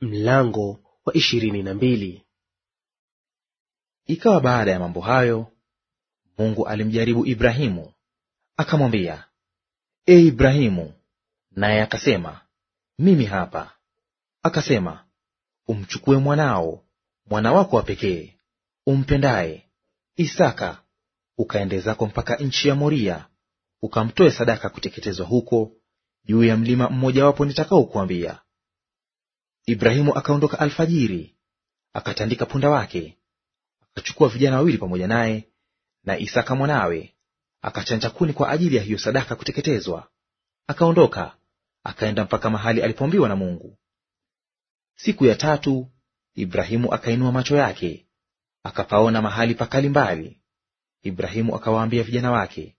Mlango wa ishirini na mbili. Ikawa baada ya mambo hayo, Mungu alimjaribu Ibrahimu akamwambia, E Ibrahimu, naye akasema, mimi hapa. Akasema, umchukue mwanao, mwana wako wa pekee umpendaye, Isaka, ukaende zako mpaka nchi ya Moria, ukamtoe sadaka kuteketezwa huko juu ya mlima mmojawapo nitakao kuambia. Ibrahimu akaondoka alfajiri, akatandika punda wake, akachukua vijana wawili pamoja naye na Isaka mwanawe, akachanja kuni kwa ajili ya hiyo sadaka kuteketezwa. Akaondoka akaenda mpaka mahali alipoambiwa na Mungu. Siku ya tatu Ibrahimu akainua macho yake akapaona mahali pakali mbali. Ibrahimu akawaambia vijana wake,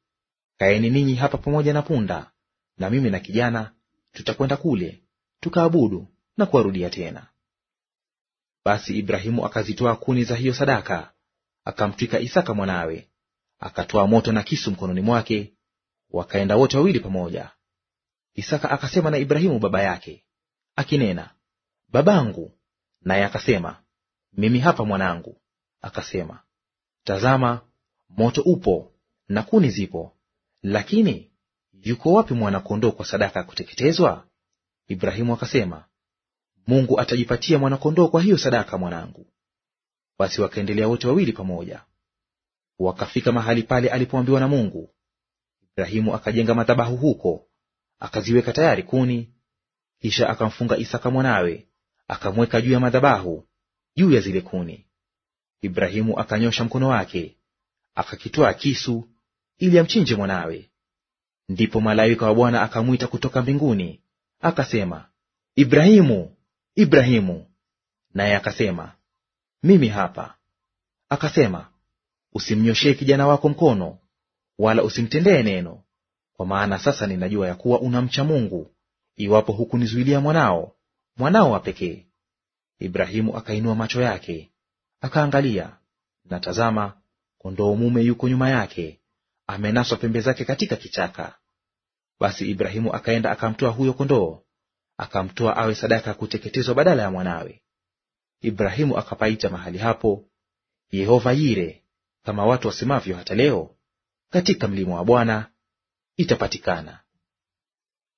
kaeni ninyi hapa pamoja na punda, na mimi na kijana tutakwenda kule tukaabudu, na kuwarudia tena. Basi Ibrahimu akazitoa kuni za hiyo sadaka, akamtwika Isaka mwanawe, akatoa moto na kisu mkononi mwake, wakaenda wote wawili pamoja. Isaka akasema na Ibrahimu baba yake akinena, Babangu. Naye akasema, Mimi hapa mwanangu. Akasema, Tazama, moto upo na kuni zipo, lakini yuko wapi mwana-kondoo kwa sadaka ya kuteketezwa? Ibrahimu akasema, Mungu atajipatia mwana-kondoo kwa hiyo sadaka, mwanangu. Basi wakaendelea wote wawili pamoja. Wakafika mahali pale alipoambiwa na Mungu. Ibrahimu akajenga madhabahu huko, akaziweka tayari kuni, kisha akamfunga Isaka mwanawe, akamweka juu ya madhabahu, juu ya zile kuni. Ibrahimu akanyosha mkono wake, akakitwaa kisu ili amchinje mwanawe. Ndipo malaika wa Bwana akamwita kutoka mbinguni, akasema, Ibrahimu! Ibrahimu, naye akasema, mimi hapa. Akasema, usimnyoshee kijana wako mkono, wala usimtendee neno, kwa maana sasa ninajua ya kuwa unamcha Mungu, iwapo hukunizuilia mwanao, mwanao wa pekee. Ibrahimu akainua macho yake akaangalia, na tazama, kondoo mume yuko nyuma yake, amenaswa pembe zake katika kichaka. Basi Ibrahimu akaenda akamtoa huyo kondoo akamtoa awe sadaka ya kuteketezwa badala ya mwanawe. Ibrahimu akapaita mahali hapo Yehova Yire, kama watu wasemavyo hata leo, katika mlima wa Bwana itapatikana.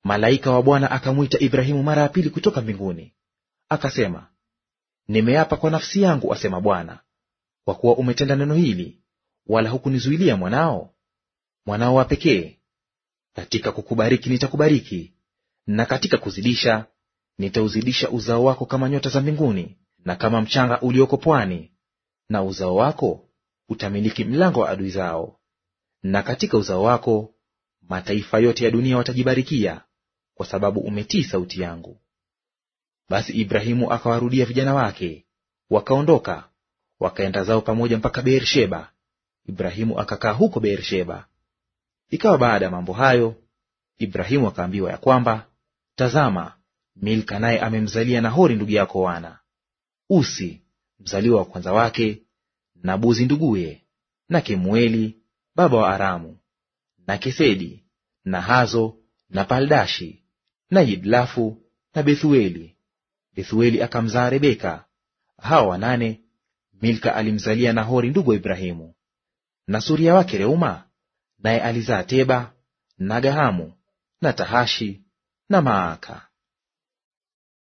Malaika wa Bwana akamwita Ibrahimu mara ya pili kutoka mbinguni, akasema, nimeapa kwa nafsi yangu, asema Bwana, kwa kuwa umetenda neno hili, wala hukunizuilia mwanao, mwanao wa pekee, katika kukubariki nitakubariki, na katika kuzidisha nitauzidisha uzao wako kama nyota za mbinguni na kama mchanga ulioko pwani, na uzao wako utamiliki mlango wa adui zao. Na katika uzao wako mataifa yote ya dunia watajibarikia, kwa sababu umetii sauti yangu. Basi Ibrahimu akawarudia vijana wake, wakaondoka wakaenda zao pamoja mpaka Beersheba. Ibrahimu akakaa huko Beersheba. Ikawa baada ya mambo hayo, Ibrahimu akaambiwa ya kwamba Tazama, Milka naye amemzalia Nahori ndugu yako wana: Usi mzaliwa wa kwanza wake, na Buzi nduguye, na Kemueli baba wa Aramu, na Kesedi na Hazo na Paldashi na Yidlafu na Bethueli. Bethueli akamzaa Rebeka. Hawa wanane Milka alimzalia Nahori ndugu wa Ibrahimu. Na suria wake Reuma naye alizaa Teba na Gahamu na Tahashi Namaka